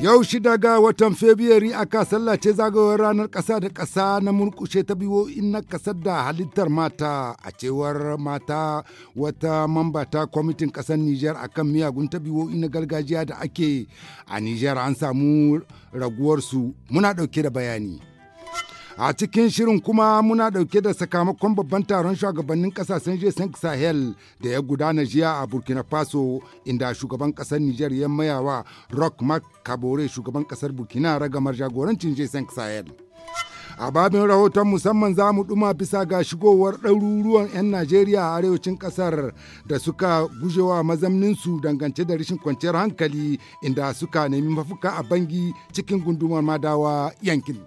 Yau shida ga watan Fabrairu aka sallace zagayowar ranar ƙasa da ƙasa na murkushe ta biyo na ƙasar da halittar mata a cewar mata wata mamba ta kwamitin ƙasar Nijar akan miyagun ta biyo na gargajiya da ake a Nijar an samu raguwarsu muna ɗauke da bayani. A cikin shirin kuma muna ɗauke da sakamakon babban taron shugabannin kasashen g Sahel da ya gudana jiya a Burkina Faso inda shugaban ƙasar Nijar ya mayawa Rock Mark Kabore shugaban ƙasar Burkina ragamar jagorancin g Sahel. a babin rahoton musamman za mu ɗuma bisa ga shigowar ɗaruruwan 'yan najeriya a arewacin ƙasar da suka gujewa mazamninsu dangance da rashin kwanciyar hankali inda suka nemi mafuka a bangi cikin gundumar madawa yankin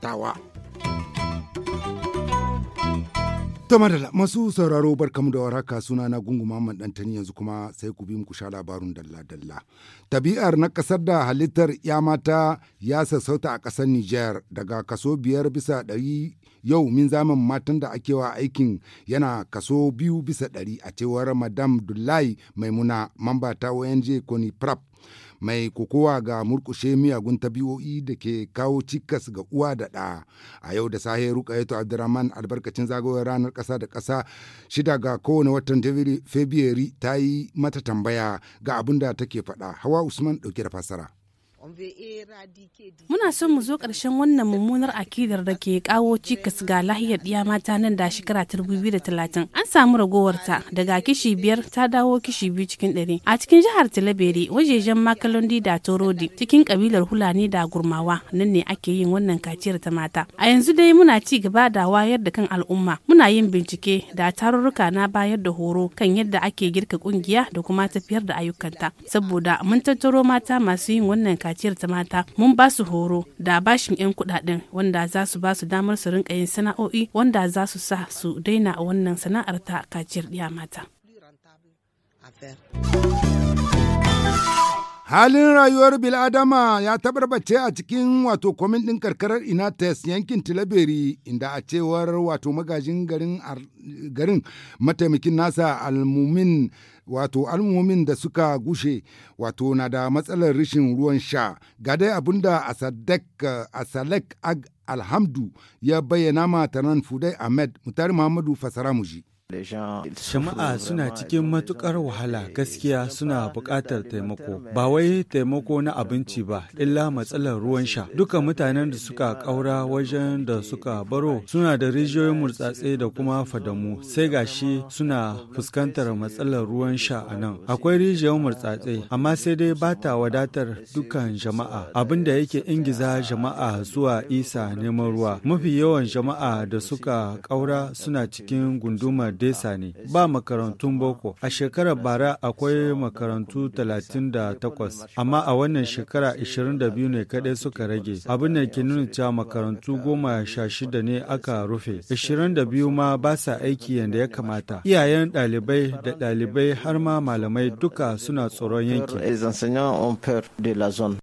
tawa. da masu sauraro barkamu da warhaka suna na gunguma man yanzu kuma sai ku bi ku sha labarun dalla-dalla. Tabi'ar na kasar da halittar ya mata ya sassauta a ƙasar Nijar daga kaso biyar bisa ɗari yau min zaman matan da ake wa aikin yana kaso biyu bisa ɗari a cewar Madam Dullahi Maimuna mamba ta ONG Koni Prap. mai kokowa ga murkushe miyagun tabi'o'i da ke kawo cikas ga uwa da ɗa. A yau da sahe yato Abdurrahman albarkacin zagayowar ranar ƙasa da ƙasa shida ga kowane watan Febiyari ta yi mata tambaya ga abin da take faɗa. Hawa Usman ɗauke da fassara. Muna son mu zo ƙarshen wannan mummunar akidar da ke kawo cikas ga lahiyar ɗiya mata nan da shekara ta talatin An samu ragowarta daga kishi biyar ta dawo kishi biyu cikin ɗari. A cikin jihar Talabere wajejen Makalondi da Torodi cikin kabilar Hulani da Gurmawa nan ne ake yin wannan kaciyar ta mata. A yanzu dai muna ci gaba da wayar da kan al'umma. Muna yin bincike da tarurruka na bayar da horo kan yadda ake girka ƙungiya da kuma tafiyar da ayyukanta. Saboda mun tattaro mata masu yin wannan kaciyar kaciyar ta mata mun ba su horo da bashin 'yan kudaden wanda za su ba su damar su rinka yin sana'o'i wanda za su sa su daina wannan sana'ar ta kaciyar ɗiya mata. Halin rayuwar Biladama ya tabarbace a cikin wato kwamin ɗin karkarar Inates yankin Tilaberi inda a cewar wato magajin garin, mataimakin nasa almumin wato almumin da suka gushe wato na da matsalar rishin ruwan sha ga dai abinda a Ag Alhamdu ya bayyana ma Tanan Fudai Ahmed Mutari Muhammadu Fasara Muji. Jama'a suna cikin matukar wahala gaskiya suna buƙatar taimako. Ba wai taimako na abinci ba, illa matsalar ruwan sha. Duka mutanen da suka ƙaura wajen da suka baro suna da rijiyoyin murtsatse da kuma fadamu. Sai gashi suna fuskantar matsalar ruwan sha a nan. Akwai rijiyoyin murtsatse, amma sai dai ba ta wadatar dukkan jama'a. Abin da yake ingiza jama'a zuwa isa neman ruwa. Mafi yawan jama'a da suka ƙaura suna cikin gundumar Desa ne, ba makarantun boko. A shekarar bara akwai makarantu 38, amma a wannan shekara 22 ne kaɗai suka rage. Abin da ke nuna cewa makarantu goma ne aka rufe. 22 ma ba sa aiki yadda ya kamata. Iyayen ɗalibai da ɗalibai har ma malamai duka suna tsoron yankin.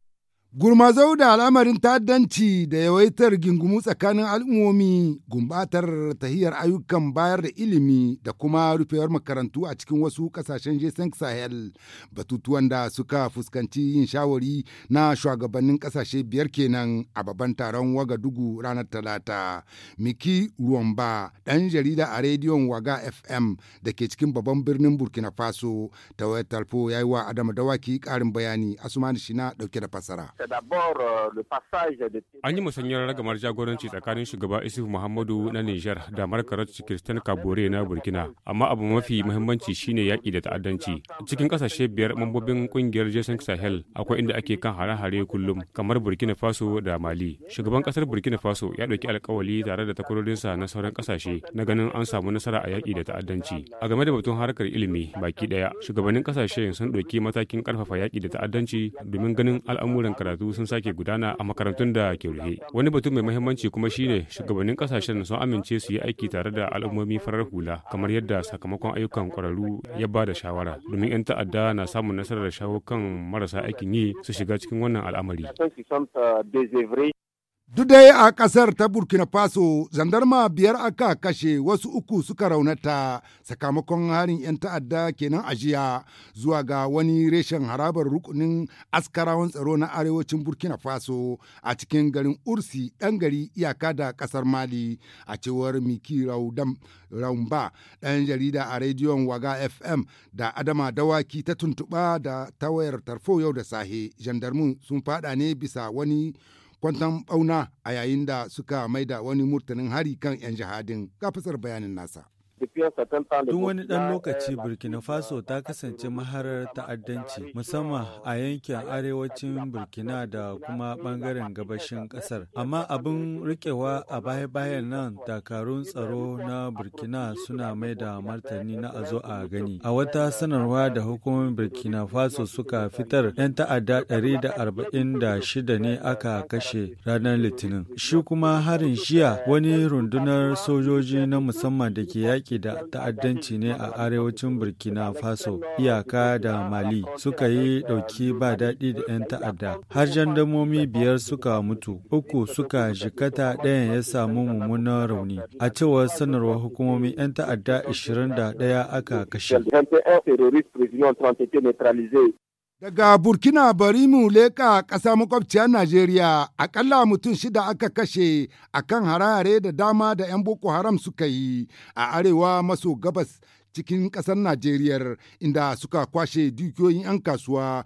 Gurmazau da al'amarin ta'addanci da yawaitar gingumu tsakanin al'ummomi gumbatar tahiyar ayyukan bayar da ilimi da kuma rufewar makarantu a cikin wasu kasashen jason sahel batutuwan da suka fuskanci yin shawari na shugabannin kasashe biyar kenan a babban taron wagadugu ranar talata miki ruwamba ɗan jarida a rediyon waga fm da ke cikin babban birnin burkina faso ta wayar talfo ya yi wa adama dawaki ƙarin bayani asumani shina dauke da fasara Euh, an yi musanyar ragamar jagoranci tsakanin shugaba Isuf Muhammadu na Nijar da Markarot Christian Kabore na Burkina, amma abu mafi muhimmanci shine yaƙi da ta'addanci. Cikin ƙasashe biyar mambobin ƙungiyar Jason Sahel akwai inda ake kan hare-hare kullum kamar Burkina Faso da Mali. Shugaban ƙasar Burkina Faso ya ɗauki alkawali tare da takwarorinsa na sauran ƙasashe na ganin an samu nasara a yaƙi da ta'addanci. A game da batun harkar ilimi baki ɗaya, shugabannin ƙasashe sun ɗauki matakin ƙarfafa yaƙi da ta'addanci domin ganin al'amuran karatu karatu sun sake gudana a makarantun da ke rufe wani batu mai mahimmanci kuma shine shugabannin kasashen sun amince su yi aiki tare da al'ummomi farar hula kamar yadda sakamakon ayyukan kwararru ya ba da shawara domin 'yan ta'adda na samun nasarar shawo kan marasa aikin yi su shiga cikin wannan al'amari Duk dai a ƙasar ta Burkina Faso, zandarma biyar aka kashe wasu uku suka raunata sakamakon harin 'yan ta'adda kenan ajiya. zuwa ga wani reshen harabar rukunin askarawan tsaro na arewacin Burkina Faso a cikin garin Ursi ɗan gari iyaka da ƙasar Mali a cewar Miki Raumba ɗan jarida a rediyon Waga FM da Adama Dawaki ta tuntuɓa da tawayar tarfo yau da sahe. Jandarmun sun faɗa ne bisa wani kwantan bauna a yayin da suka maida wani murtanin hari kan 'yan jihadin ga bayanin nasa. Duk wani ɗan lokaci Burkina Faso ta kasance maharar ta'addanci musamman a yankin arewacin Burkina da kuma ɓangaren gabashin ƙasar. Amma abin rikewa a baya-bayan nan takarun tsaro na Burkina suna mai da martani na azo a gani. A wata sanarwa da hukumar Burkina Faso suka fitar 'yan ta'adda 146 ne aka kashe ranar Litinin. Shi kuma harin shiya wani rundunar sojoji na musamman da ke yaƙi yaƙi da ta'addanci ne a arewacin burkina faso iyaka da mali suka yi ɗauki ba daɗi da 'yan ta'adda har jandamomi biyar suka mutu uku suka jikata ɗayan ya samu mummunan rauni a cewar sanarwar hukumomi 'yan ta'adda 21 aka kashe Daga Burkina bari mu leka ƙasa makwabciyar Najeriya, akalla mutum shida aka kashe a kan harare da dama da 'yan Boko Haram suka yi a arewa maso gabas cikin ƙasar Najeriya inda suka kwashe dukiyoyin 'yan kasuwa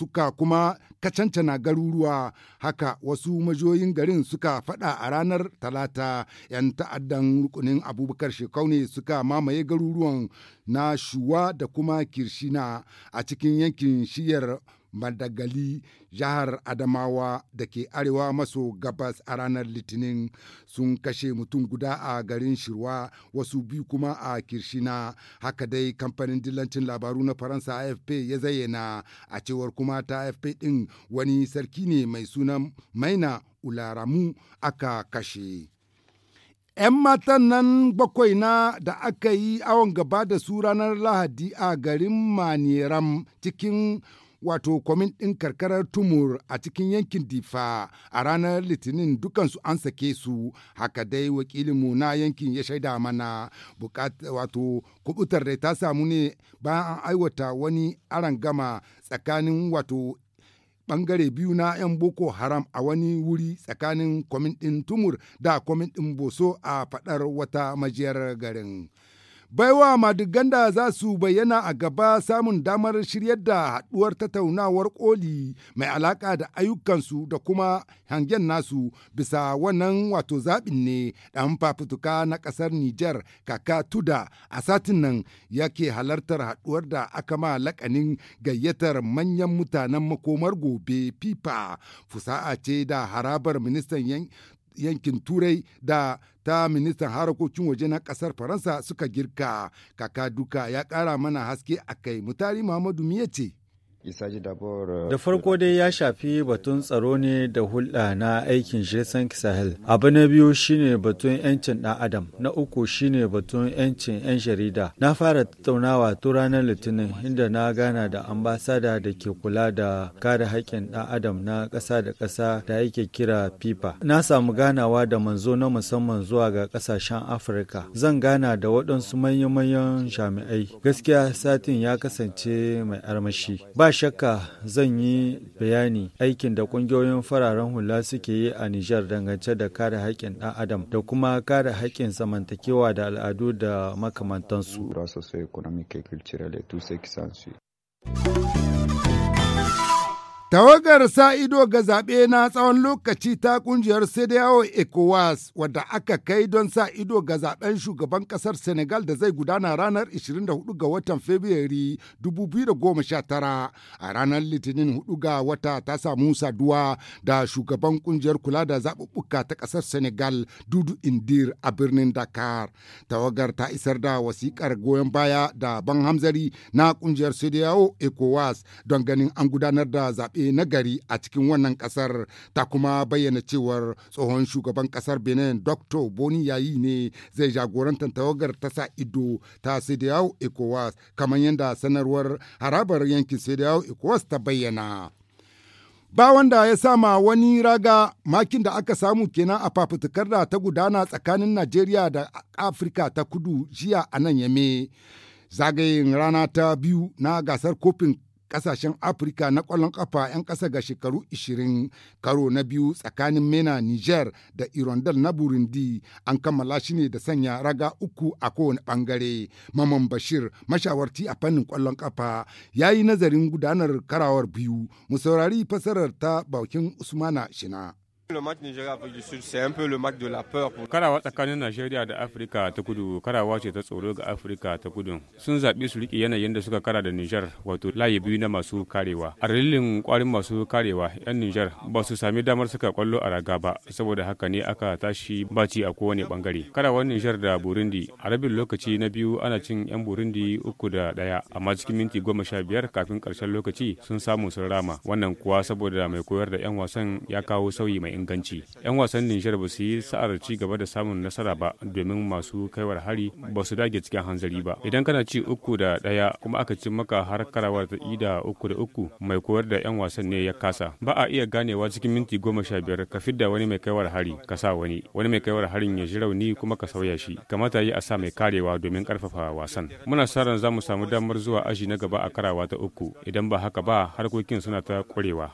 suka kuma kacancana garuruwa haka wasu majoyin garin suka fada a ranar talata 'yan ta'addan rukunin abubakar shekau ne suka mamaye garuruwan na shuwa da kuma kirshina a cikin yankin shiyar madagali jihar adamawa da ke arewa maso gabas a ranar litinin sun kashe mutum guda a garin shirwa wasu biyu kuma a kirshina haka dai kamfanin dillancin labaru na faransa afp ya zayyana a cewar kuma ta afp din wani sarki ne mai sunan maina ularamu aka kashe. 'yan matan nan bakwai na da aka yi awon gaba da su ranar lahadi a garin maniram cikin wato kwamin ɗin karkarar tumur a cikin yankin difa a ranar litinin dukansu an sake su haka dai wakilinmu na yankin ya shaida mana wato kubutar da ta samu ne bayan an aiwata wani aran gama tsakanin wato bangare biyu na 'yan boko haram a wani wuri tsakanin kwamin ɗin tumur da kwamin ɗin boso a faɗar wata majiyar garin. baiwa madigan da za su bayyana a gaba samun damar shiryar da haɗuwar tattaunawar koli mai alaƙa da ayyukansu da kuma hangen nasu bisa wannan wato zaɓin ne ɗan fafutuka na ƙasar Nijar kaka tuda a satin nan yake halartar haɗuwar da aka ma laƙanin gayyatar manyan mutanen makomar gobe FIFA, fusa'a ce da harabar ministan yankin turai da ta ministan harakokin waje na kasar faransa suka girka kaka duka ya kara mana haske a kai mutari muhammadu miye ce Uh, da farko dai ya shafi batun tsaro ne da hulɗa na aikin Jason Sahel. Abu na biyu shine batun 'yancin ɗan Adam, na uku shine batun 'yancin 'yan jarida. Na fara tattaunawa tun ranar Litinin inda na gana da ambasada da ke kula da kare haƙƙin ɗan Adam na ƙasa da ƙasa da yake kira FIFA. Na samu ganawa da manzo na musamman zuwa ga ƙasashen Afirka. Zan gana da waɗansu manya-manyan jami'ai. Gaskiya satin ya kasance mai armashi. Ba a shakka zan yi bayani aikin da kungiyoyin fararen hula suke yi a Nijar dangance da kare haƙƙin ɗan adam da kuma kare haƙƙin zamantakewa da al'adu da makamantansu. Tawagar sa ido ga zaɓe na tsawon lokaci ta ƙungiyar CDAO ECOWAS wadda aka kai don sa ido ga zaɓen shugaban ƙasar Senegal da zai gudana ranar 24 ga watan Fabrairu 2019 a ranar Litinin 4 ga wata ta samu saduwa da shugaban ƙungiyar kula da zaɓuɓɓuka ta ƙasar Senegal Dudu Indir a birnin Dakar. Tawagar ta isar da wasiƙar goyon baya da ban hamzari na ƙungiyar CDAO ECOWAS don ganin an gudanar da zaɓe zaɓe na gari a cikin wannan ƙasar ta kuma bayyana cewar tsohon shugaban ƙasar benin dr boni yayi ne zai jagorantar tawagar ta sa ido ta sidiyawo ecowas kamar yadda sanarwar harabar yankin sidiyawo ecowas ta bayyana ba wanda ya sama wani raga makin da aka samu kenan a fafutukar da ta gudana tsakanin najeriya da afirka ta kudu jiya a nan yame zagayen rana ta biyu na gasar kofin kasashen afirka na ƙwallon ƙafa 'yan ƙasa ga shekaru 20 karo na biyu tsakanin mena niger da irondal na burundi an kammala shi ne da sanya raga uku a kowane bangare. maman bashir mashawarci a fannin ƙwallon ƙafa ya yi nazarin gudanar karawar biyu mu saurari fasarar ta bakin usmana shina Karawa tsakanin nigeria da Afirka ta kudu karawa ce ta tsoro ga Afirka ta kudu. Sun zaɓi su riƙe yanayin da suka kara da Nijar wato layi biyu na masu karewa. A dalilin ƙwarin masu karewa 'yan Nijar ba su sami damar suka kwallo a raga ba saboda haka ne aka tashi baci a kowane bangare. Karawar Nijar da Burundi a rabin lokaci na biyu ana cin 'yan Burundi uku da ɗaya amma cikin minti goma sha biyar kafin ƙarshen lokaci sun samu sun rama wannan kuwa saboda mai koyar da 'yan wasan ya kawo sauyi mai inganci yan wasan nijar ba su yi sa'ar ci gaba da samun nasara ba domin masu kaiwar hari ba su dage cikin hanzari ba idan kana ci uku da ɗaya kuma aka ci maka har karawar ta ida uku da uku mai koyar da yan wasan ne ya kasa ba a iya ganewa cikin minti goma sha biyar ka fidda wani mai kaiwar hari ka sa wani wani mai kaiwar harin ya ji rauni kuma ka sauya shi kamata yi a sa mai karewa domin karfafa wasan muna sa ran za mu samu damar zuwa aji na gaba a karawa ta uku idan ba haka ba harkokin suna ta ƙwarewa.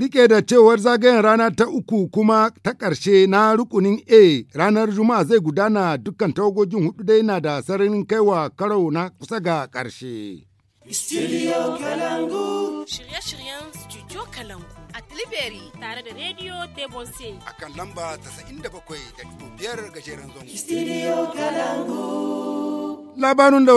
rike da cewar zagayen rana ta uku kuma ta ƙarshe na rukunin A ranar Juma'a zai gudana dukkan tawagogin hudu dai na da sararin kaiwa karo na kusa ga ƙarshe. Studio Kalangu. Shirye-shiryen Studio Kalangu. A Tilibiri tare da Radio Tebonse. A kan lamba 97.5 gajeren zango. Studio Kalangu. Labarin da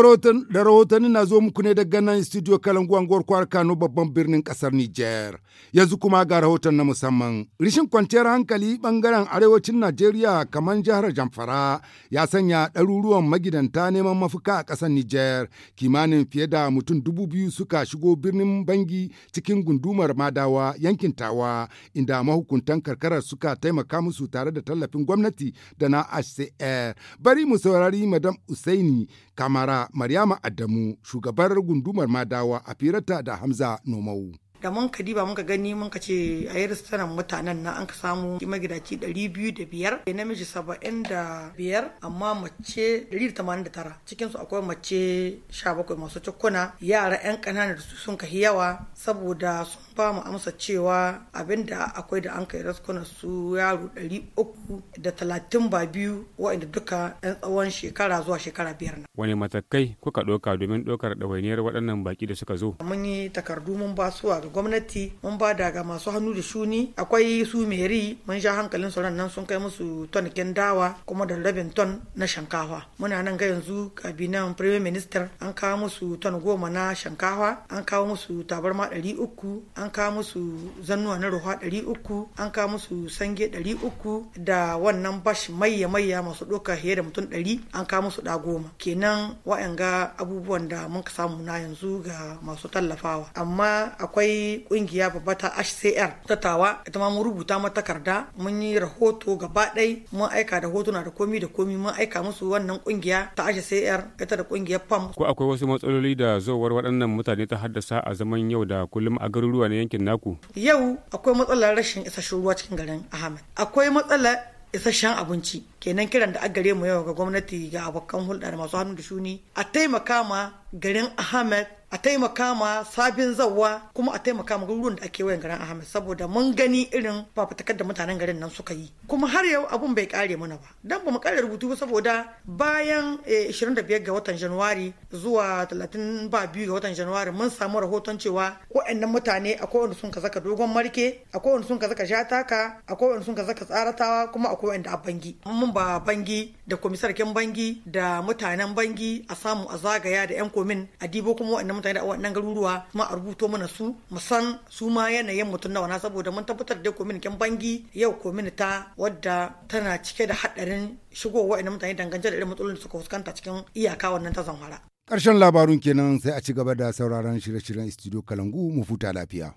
rahotanni na zo muku ne daga nan studio kalangu anguwar kwar Kano babban birnin kasar Nijar. Yanzu kuma ga rahoton na musamman. Rishin kwanciyar hankali bangaren arewacin Najeriya kamar jihar Jamfara ya sanya ɗaruruwan magidanta neman mafuka a ƙasar Nijar. Kimanin fiye da mutum dubu biyu suka shigo birnin Bangi cikin gundumar Madawa yankin Tawa inda mahukuntan karkarar suka taimaka musu tare da tallafin gwamnati da na HCR. Bari mu saurari Madam Usaini Kamara Maryama Adamu, shugabar gundumar Madawa a firarta da Hamza Nomau. da mun ka diba mun ka gani mun ka ce a yi ristanan mutanen na an ka samu magidaci 205 namiji 75 amma mace 189 cikin su akwai mace 17 masu cikuna yara yan kanana da sun kahi yawa saboda sun ba mu amsa cewa abinda akwai da an kai raskuna su yaro 330 ba biyu wa'inda duka yan tsawon shekara zuwa shekara biyar na. Wani matakai kuka doka domin ɗaukar ɗawainiyar waɗannan baki da suka zo? Mun yi takardu mun ba su ga gwamnati mun ba da ga masu hannu da shuni akwai su meri mun sha hankalin sauran nan sun kai musu ton kin dawa kuma da rabin ton na shankawa muna nan ga yanzu kabinan prime minister an kawo musu ton goma na shankawa an kawo musu tabarma ɗari uku an kawo musu zannuwa na ruwa ɗari uku an kawo musu sange ɗari uku da wannan bash maiya maiya masu ɗauka fiye da mutum ɗari an kawo musu ɗa goma kenan wa'anga abubuwan da mun samu na yanzu ga masu tallafawa amma akwai yi kungiya babba ta HCR ta tawa ita ma mun rubuta mata takarda mun yi rahoto gaba ɗai mun aika da hotuna da komi da komi mun aika musu wannan kungiya ta HCR ita da kungiyar PAM. Ko akwai wasu matsaloli da zowar waɗannan mutane ta haddasa a zaman yau da kullum a garuruwa na yankin naku? Yau akwai matsalar rashin isasshen ruwa cikin garin Ahmed. Akwai matsalar isasshen abinci kenan kiran da agare mu yau ga gwamnati ga abokan hulɗa da masu hannu da shuni a taimaka ma garin ahmed a taimaka ma sabin zawa kuma a taimaka ma ruwan da ake wayan garin Ahmed saboda mun gani irin fafutukar da mutanen garin nan suka yi kuma har yau abun bai kare mana ba dan ba mu kare rubutu ba saboda bayan 25 eh, ga watan Januwari zuwa 32 ba biyu ga watan Januwari mun samu rahoton cewa waɗannan mutane akwai wanda sun ka zaka dogon marke akwai wanda sun ka zaka shataka akwai wanda sun ka zaka tsaratawa kuma akwai wanda a bangi mun ba bangi da komisarkin bangi da mutanen bangi a samu a zagaya da yan komin a dibo kuma waɗannan mutane da wannan garuruwa kuma a rubuto mana su mu san su ma yanayin mutum nawa na saboda mun tabbatar da komin kin bangi yau komin ta wadda tana cike da hadarin shigo wa'annan mutane dangance da irin matsalolin da suka fuskanta cikin iyaka wannan ta zanwara. Ƙarshen labarun kenan sai a ci gaba da sauraron shirye-shiryen Studio Kalangu mu futa lafiya.